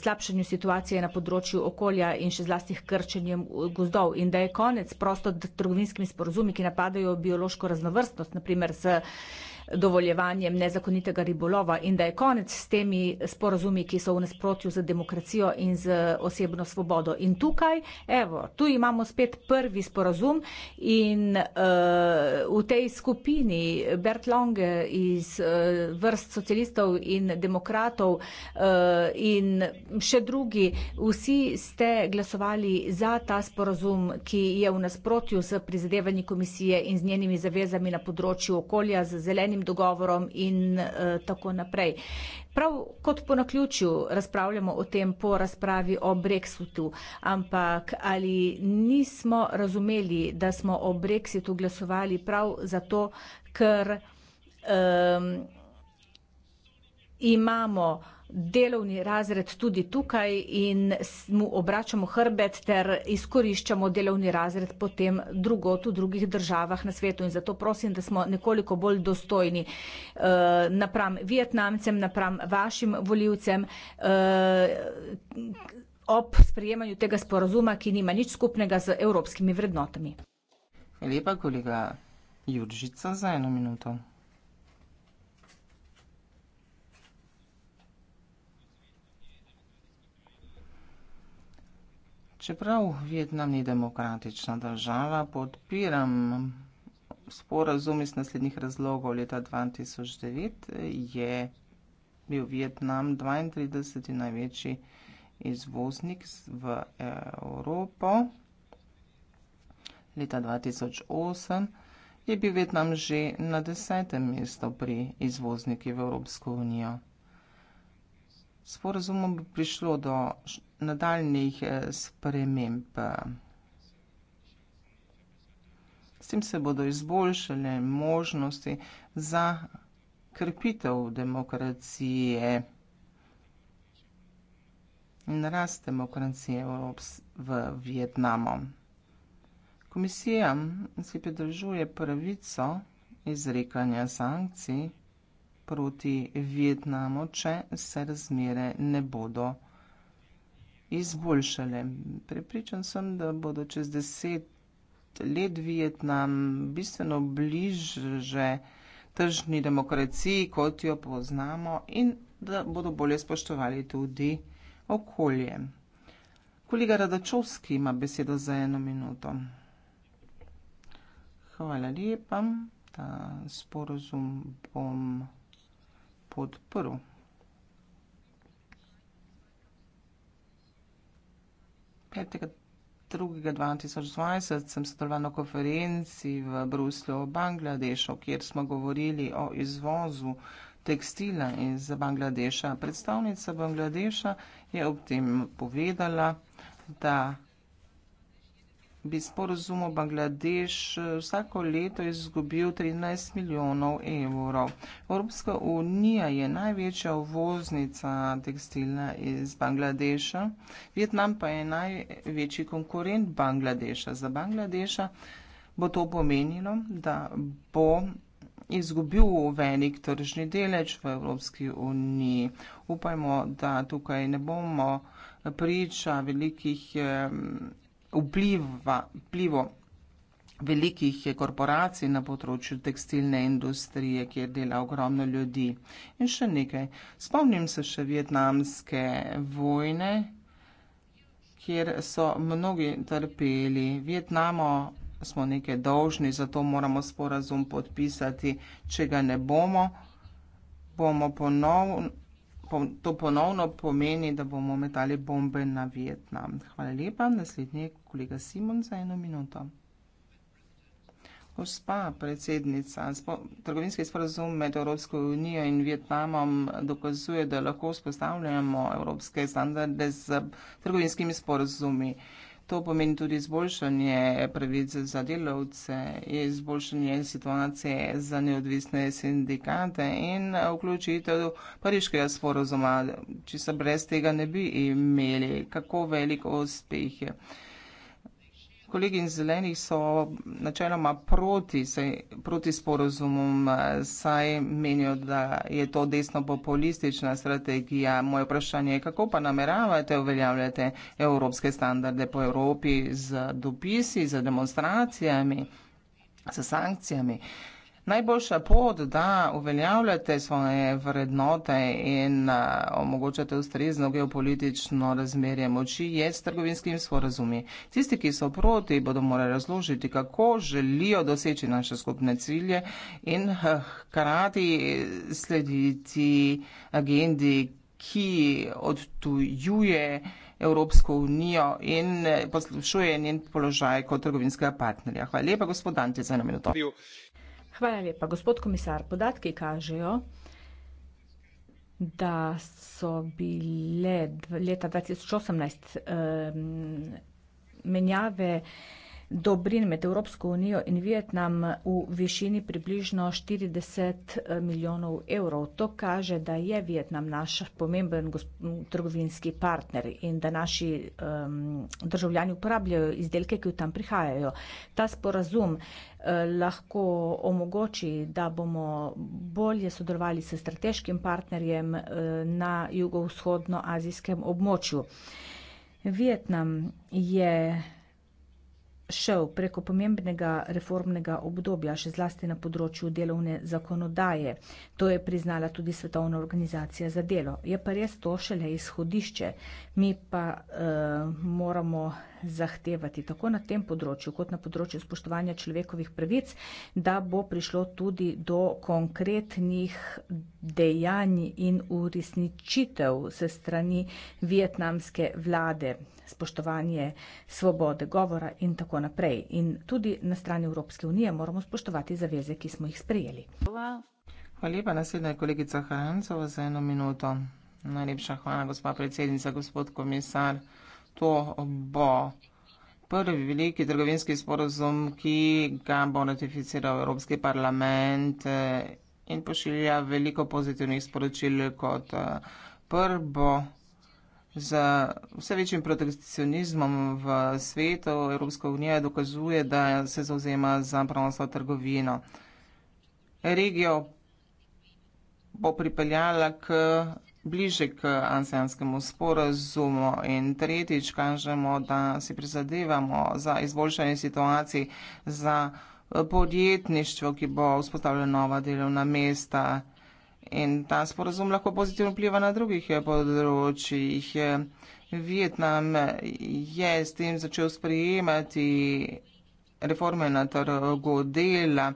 slabšanju situacije na področju okolja in še zlasti krčenjem gozdov in da je konec prostotrgovinskimi sporozumi, ki napadajo biološko raznovrstnost, naprimer, ker se dovoljevanjem nezakonitega ribolova in da je konec s temi sporazumi, ki so v nasprotju z demokracijo in z osebno svobodo. In tukaj, evo, tu imamo spet prvi sporazum in uh, v tej skupini Bert Longe iz uh, vrst socialistov in demokratov uh, in še drugi, vsi ste glasovali za ta sporazum, ki je v nasprotju z prizadevanji komisije in z njenimi zavezami na področju okolja z zelenimi kolektivnim dogovorom in uh, tako naprej. Prav kot po naključju razpravljamo o tem po razpravi o Brexitu, ampak ali nismo razumeli, da smo o Brexitu glasovali prav zato, ker um, imamo delovni razred tudi tukaj in mu obračamo hrbet ter izkoriščamo delovni razred potem drugot v drugih državah na svetu in zato prosim, da smo nekoliko bolj dostojni eh, napram vietnamcem, napram vašim voljivcem eh, ob sprejemanju tega sporozuma, ki nima nič skupnega z evropskimi vrednotami. Lepa kolega Juržica za eno minuto. Čeprav Vietnam ni demokratična država, podpiram sporazum iz naslednjih razlogov. Leta 2009 je bil Vietnam 32. največji izvoznik v eh, Evropo. Leta 2008 je bil Vietnam že na desetem mestu pri izvozniki v Evropsko unijo. Sporazumom bi prišlo do nadaljnih eh, sprememb. S tem se bodo izboljšale možnosti za krepitev demokracije in rast demokracije v Vietnamu. Komisija si pridržuje pravico izrekanja sankcij proti Vietnamu, če se razmere ne bodo izboljšale. Prepričan sem, da bodo čez deset let Vietnam bistveno bližže tržni demokraciji, kot jo poznamo, in da bodo bolje spoštovali tudi okolje. Kolega Radačovski ima besedo za eno minuto. Hvala lepa, ta sporozum bom podprl. 5. 2. 2020 sem sodeloval na konferenci v Bruslju v Bangladešu, kjer smo govorili o izvozu tekstila iz Bangladeša. Predstavnica Bangladeša je ob tem povedala, da bi sporozum o Bangladeš vsako leto izgubil 13 milijonov evrov. Evropska unija je največja uvoznica tekstilna iz Bangladeša, Vietnam pa je največji konkurent Bangladeša. Za Bangladeša bo to pomenilo, da bo izgubil velik tržni delež v Evropski uniji. Upajmo, da tukaj ne bomo priča velikih vpliva, vplivo velikih korporacij na področju tekstilne industrije, kjer dela ogromno ljudi. In še nekaj, spomnim se še vietnamske vojne, kjer so mnogi trpeli. Vietnamo smo nekaj dolžni, zato moramo sporazum podpisati. Če ga ne bomo, bomo ponovno to ponovno pomeni, da bomo metali bombe na Vietnam. Hvala lepa. Naslednji je kolega Simon za eno minuto. Gospa predsednica, trgovinski sporazum med Evropsko unijo in Vietnamom dokazuje, da lahko vzpostavljamo evropske standarde z trgovinskimi sporazumi. Uh, To pomeni tudi izboljšanje pravic za delovce, izboljšanje situacije za neodvisne sindikate in vključitev pariškega sporozuma, če se brez tega ne bi imeli, kako velik uspeh je. Kolegi iz zelenih so načeloma proti, saj, proti sporozumom, saj menijo, da je to desno populistična strategija. Moje vprašanje je, kako pa nameravate uveljavljati evropske standarde po Evropi z dopisi, z demonstracijami, z sankcijami? Uh, najboljša pot, da uveljavljate svoje vrednote in eh, omogočate ustrezno geopolitično razmerje moči, je s trgovinskim sporazumi. Tisti, ki so proti, bodo morali razložiti, kako želijo doseči naše skupne cilje in eh, hkrati slediti agendi, ki odtujuje Evropsko unijo in eh, poslušuje njen položaj kot trgovinskega partnerja. Hvala lepa, gospod Dante, za eno minuto. Bil. Hvala lepa. Gospod komisar, podatki kažejo, da so bile leta 2018 um, menjave dobrin med Evropsko unijo in Vietnam v višini približno 40 eh, milijonov evrov. To kaže, da je Vietnam naš pomemben trgovinski partner in da naši um, državljani uporabljajo izdelke, ki v tam prihajajo. Ta sporazum uh, lahko omogoči, da bomo bolje sodelovali s strateškim partnerjem uh, na jugovzhodno-azijskem območju. Vietnam je šel preko pomembnega reformnega obdobja, še zlasti na področju delovne zakonodaje. To je priznala tudi Svetovna organizacija za delo. Je pa res to šele izhodišče. Mi pa uh, moramo zahtevati tako na tem področju kot na področju spoštovanja človekovih pravic, da bo prišlo tudi do konkretnih dejanj in uresničitev se strani vietnamske vlade, spoštovanje svobode govora in tako naprej. In tudi na strani Evropske unije moramo spoštovati zaveze, ki smo jih sprejeli. Hvala lepa, naslednja je kolegica Harancova za eno minuto. Najlepša hvala, gospa predsednica, gospod komisar to bo prvi veliki trgovinski sporozum, ki ga bo ratificiral Evropski parlament eh, in pošilja veliko pozitivnih sporočil kot eh, prvo. Z vse večjim protekcionizmom v svetu Evropska unija dokazuje, da se zauzema za pravnostno trgovino. Regijo bo pripeljala k bliže k ansijanskemu sporazumu in tretjič kažemo, da si prizadevamo za izboljšanje situacij za podjetništvo, ki bo vzpostavljeno nova delovna mesta in ta sporazum lahko pozitivno vpliva na drugih področjih. Vietnam je s tem začel sprejemati reforme na trgu dela,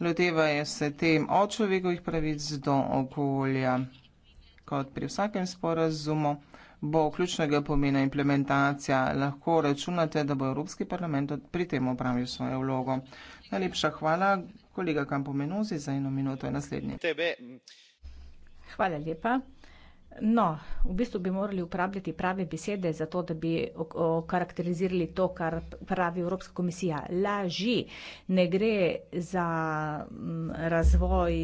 lotevajo se tem od človekovih pravic do okolja kot pri vsakem sporazumu bo ključnega pomena implementacija. Lahko računate, da bo Evropski parlament pri tem opravil svojo vlogo. Najlepša hvala, kolega Kampomenozi, za eno minuto in naslednji. Tebe. Hvala lepa. No, v bistvu bi morali uporabljati prave besede za to, da bi okarakterizirali to, kar pravi Evropska komisija. Laži ne gre za razvoj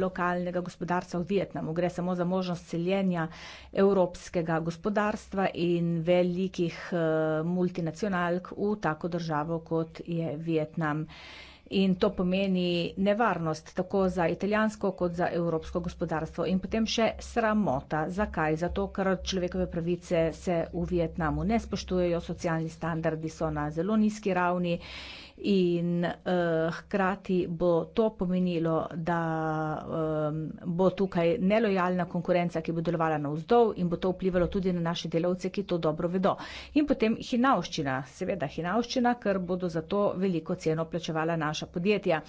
lokalnega gospodarstva v Vietnamu, gre samo za možnost celjenja evropskega gospodarstva in velikih eh, multinacionalk v tako državo, kot je Vietnam. Uh, in to pomeni nevarnost tako za italijansko kot za evropsko gospodarstvo. In potem še sramota. Zakaj? Zato, ker človekove pravice se v Vietnamu ne spoštujejo, socialni standardi so na zelo nizki ravni in uh, hkrati bo to pomenilo, da um, bo tukaj nelojalna konkurenca, ki bo delovala na vzdolj in bo to vplivalo tudi na naše delavce, ki to dobro vedo. In potem hinavščina, seveda hinavščina, ker bodo za to veliko ceno plačevala naša podjetja.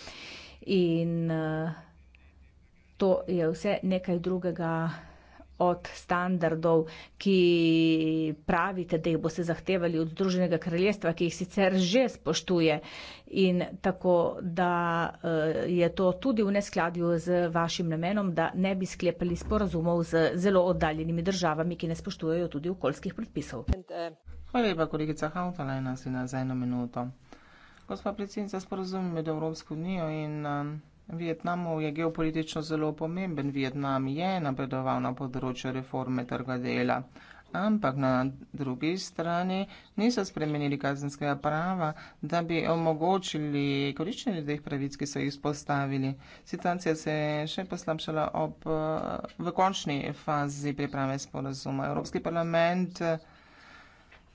In uh, to je vse nekaj drugega od standardov, ki pravite, da jih boste zahtevali od Združenega kraljestva, ki jih sicer že spoštuje in tako, da eh, je to tudi v neskladju z vašim namenom, da ne bi sklepali sporazumov z zelo oddaljenimi državami, ki ne spoštujejo tudi okoljskih predpisov. Hvala lepa, kolegica Hautalajna, si na za eno minuto. Gospa predsednica, sporazum med Evropsko unijo in eh, Vietnamu je geopolitično zelo pomemben. Vietnam je napredoval na področju reforme trga dela, ampak na drugi strani niso spremenili kazenskega prava, da bi omogočili koriščenje teh pravic, ki so jih spostavili. Situacija se je še poslabšala ob, v končni fazi priprave sporazuma. Evropski parlament.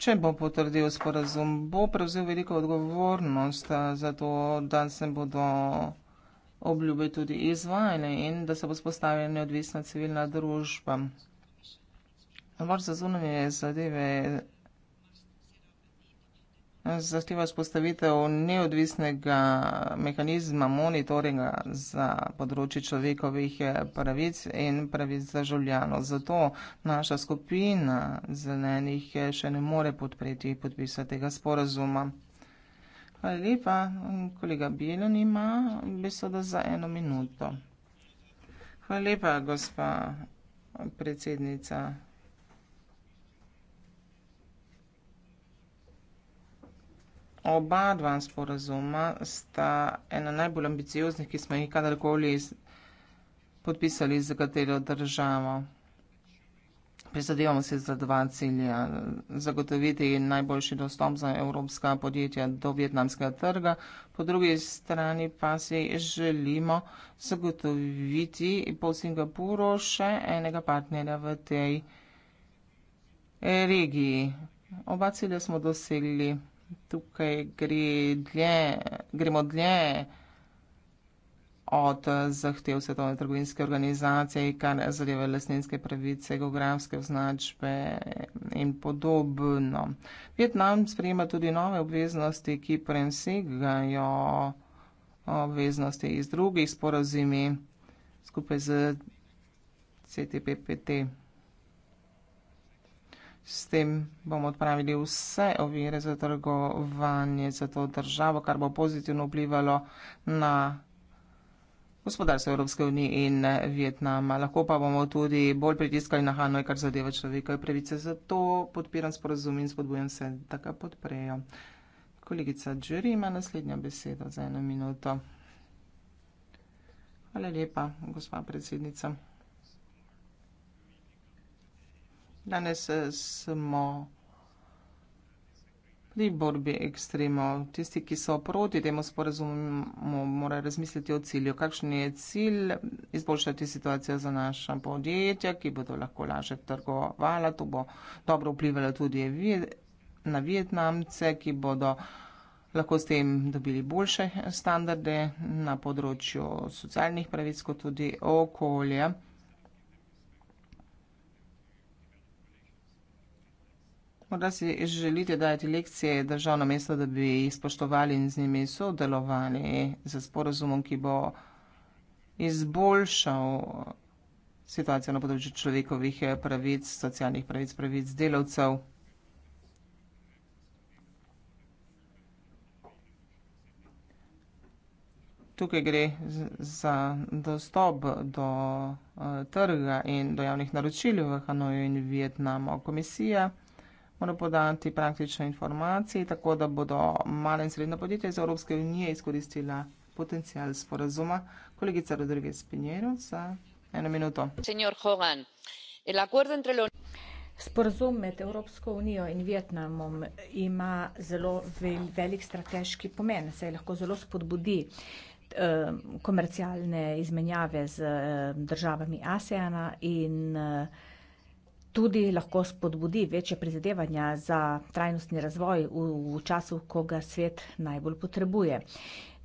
Če bo potrdil sporazum, bo prevzel veliko odgovornost za to, da se bodo obljube tudi izvajale in da se bo spostavila neodvisna civilna družba. Odbor za zunanje zadeve zahteva spostavitev neodvisnega mehanizma monitoringa za področje človekovih pravic in pravic državljanov. Zato naša skupina zelenih še ne more podpreti podpisa tega sporazuma. Hvala lepa. Kolega Bjelen ima besedo za eno minuto. Hvala lepa, gospa predsednica. Oba dva sporazuma sta ena najbolj ambicioznih, ki smo jih kadarkoli podpisali z katero državo prizadevamo se za dva cilja. Zagotoviti najboljši dostop za evropska podjetja do vjetnamskega trga, po drugi strani pa si želimo zagotoviti po Singapuru še enega partnerja v tej regiji. Oba cilja smo dosegli. Tukaj gre dlje, gremo dlje od zahtev Svetovne trgovinske organizacije, kar zadeva lesninske pravice, geografske označbe in podobno. Vietnam sprejema tudi nove obveznosti, ki prensegajo obveznosti iz drugih sporozimi skupaj z CTPPT. S tem bomo odpravili vse ovire za trgovanje za to državo, kar bo pozitivno vplivalo na gospodarstvo Evropske unije in eh, Vietnama. Lahko pa bomo tudi bolj pritiskali na Hanoj, kar zadeva človekove pravice. Zato podpiram sporozum in spodbujam se, da ga podprejo. Kolegica Džuri ima naslednjo besedo za eno minuto. Hvala lepa, gospa predsednica. Danes eh, smo pri borbi ekstremov. Tisti, ki so proti temu sporazumu, morajo razmisliti o cilju. Kakšen je cilj izboljšati situacijo za naša podjetja, ki bodo lahko lažje trgovala. To bo dobro vplivalo tudi na Vietnamce, ki bodo lahko s tem dobili boljše standarde na področju socialnih pravic, kot tudi okolja. Morda si želite dajati lekcije državno mesto, da bi jih spoštovali in z njimi sodelovali za sporozumom, ki bo izboljšal situacijo na področju človekovih pravic, socialnih pravic, pravic delavcev. Tukaj gre za dostop do uh, trga in do javnih naročil v Hanoju in Vietnamu. Komisija mora podati praktične informacije, tako da bodo male in srednje podjetje iz Evropske unije izkoristila potencijal sporazuma. Kolegica Rodriguez Pinjero za eno minuto. Sporazum med Evropsko unijo in Vietnamom ima zelo vel, velik strateški pomen, saj lahko zelo spodbudi eh, komercialne izmenjave z eh, državami ASEANA in eh, tudi lahko spodbudi večje prizadevanja za trajnostni razvoj v, v času, ko ga svet najbolj potrebuje.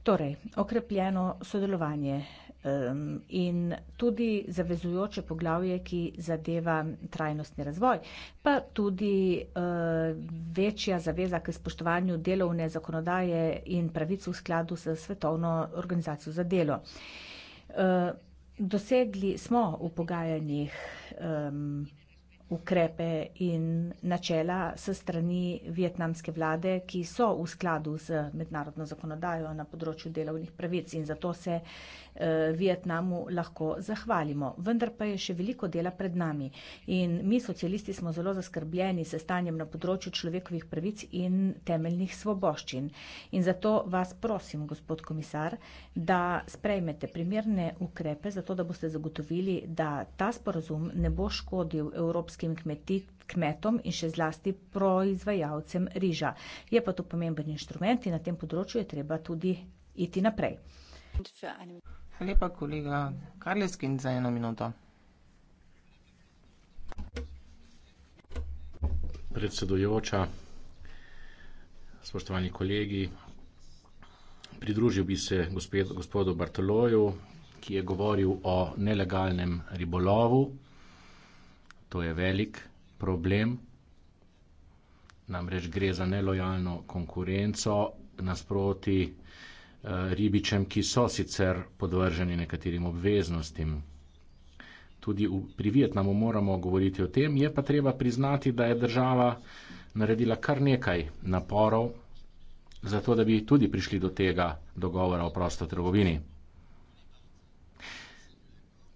Torej, okrepljeno sodelovanje um, in tudi zavezujoče poglavje, ki zadeva trajnostni razvoj, pa tudi uh, večja zaveza k spoštovanju delovne zakonodaje in pravic v skladu s Svetovno organizacijo za delo. Uh, dosegli smo v pogajanjih. Um, ukrepe in načela s strani vietnamske vlade, ki so v skladu z mednarodno zakonodajo na področju delovnih pravic in zato se Eh, Vietnamu lahko zahvalimo. Vendar pa je še veliko dela pred nami in mi socialisti smo zelo zaskrbljeni s stanjem na področju človekovih pravic in temeljnih svoboščin. In zato vas prosim, gospod komisar, da sprejmete primerne ukrepe, zato da boste zagotovili, da ta sporozum ne bo škodil evropskim kmetik kmetom in še zlasti proizvajalcem riža. Je pa to pomemben inštrument in na tem področju je treba tudi iti naprej. Hvala lepa, kolega Karleskin, za eno minuto. Predsedujoča, spoštovani kolegi, pridružil bi se gosped, gospodu Bartoloju, ki je govoril o nelegalnem ribolovu. To je velik problem. Namreč gre za nelojalno konkurenco nasproti Eh, ribičem, ki so sicer podvrženi nekaterim obveznostim. Tudi v, pri Vietnamu moramo govoriti o tem, je pa treba priznati, da je država naredila kar nekaj naporov, zato da bi tudi prišli do tega dogovora o prosto trgovini.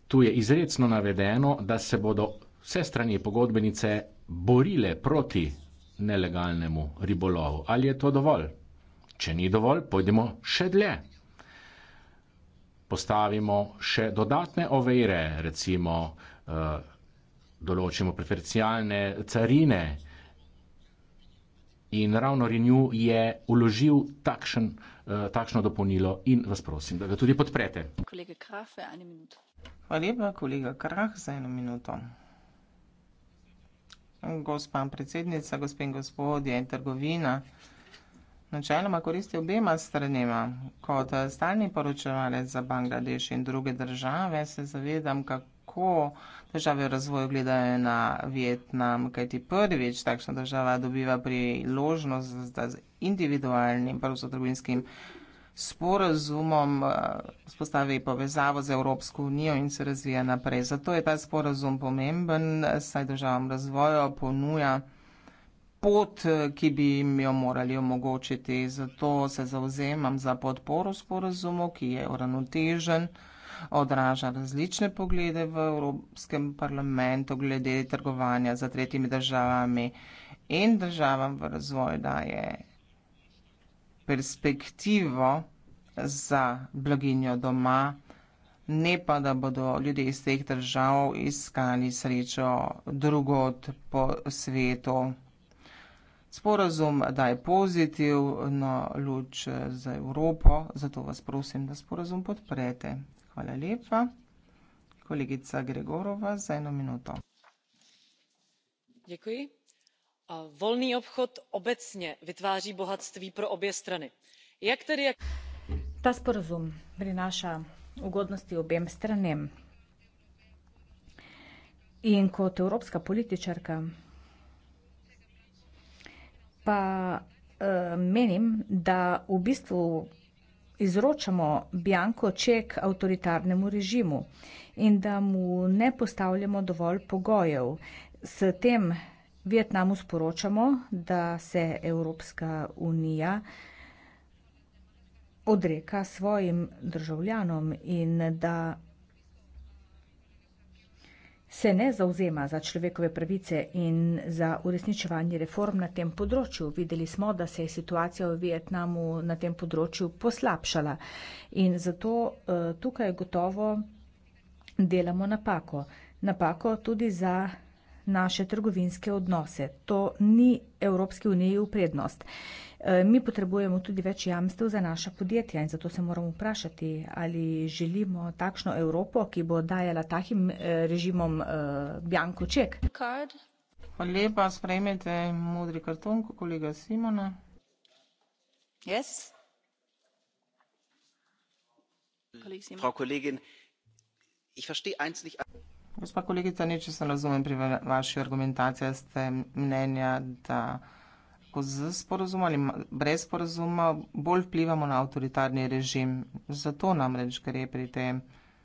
Tu je izredno navedeno, da se bodo vse strani pogodbenice borile proti nelegalnemu ribolovu. Ali je to dovolj? Če ni dovolj, pojdemo še dlje. Postavimo še dodatne ovejre, recimo eh, določimo preferencialne carine. In ravno Renew je uložil takšen, eh, takšno dopolnilo in vas prosim, da ga tudi podprete. Kolega Krah, za eno minuto. Hvala lepa, kolega Krah, za eno minuto. Gospa predsednica, gospe in gospodje, trgovina načeloma koristi obema stranima. Kot eh, stalni poročevalec za Bangladeš in druge države se zavedam, kako države v razvoju gledajo na Vietnam, kajti prvič takšna država dobiva priložnost, da z individualnim prvsotrbinskim sporazumom eh, spostavi povezavo z Evropsko unijo in se razvija naprej. Zato je ta sporazum pomemben, saj državam razvojo ponuja pot, eh, ki bi jim jo morali omogočiti. Zato se zauzemam za podporo sporozumu, ki je uravnotežen, odraža različne poglede v Evropskem parlamentu glede trgovanja za tretjimi državami in državam v razvoju daje perspektivo za blaginjo doma, ne pa da bodo ljudje iz teh držav iskali srečo drugot po svetu. Sporazum daje pozitivno luč za Evropo, zato vas prosim, da sporazum podprete. Hvala lepa. Kolegica Gregorova za eno minuto. Děkuji. Volný obchod obecně vytváří bohatství pro obě strany. Jak tedy jak... Ta sporozum prináša ugodnosti objem stranem. In kot evropska političarka pa uh, menim, da v bistvu izročamo Bjanko ček avtoritarnemu režimu in da mu ne postavljamo dovolj pogojev. S tem Vietnamu sporočamo, da se Evropska unija odreka svojim državljanom in da se ne zauzema za človekove pravice in za uresničevanje reform na tem področju. Videli smo, da se je situacija v Vietnamu na tem področju poslabšala in zato eh, tukaj gotovo delamo napako. Napako tudi za naše trgovinske odnose. To ni Evropski uniji v prednost. E, mi potrebujemo tudi več jamstev za naša podjetja in zato se moramo vprašati, ali želimo takšno Evropo, ki bo dajala takim e, režimom e, bjankoček. Hvala lepa, sprejmete modri karton, kolega Simona. Yes. Frau Kollegin, ich verstehe eins nicht. Gospa kolegica, nič se razumem pri vaši argumentaciji, ste mnenja, da lahko z sporozum ali brez sporozuma bolj vplivamo na avtoritarni režim. Zato namreč gre pri tem